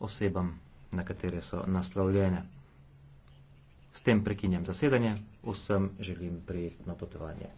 osebam, na katere so naslovljene. S tem prekinjam zasedanje, vsem želim prijetno potovanje.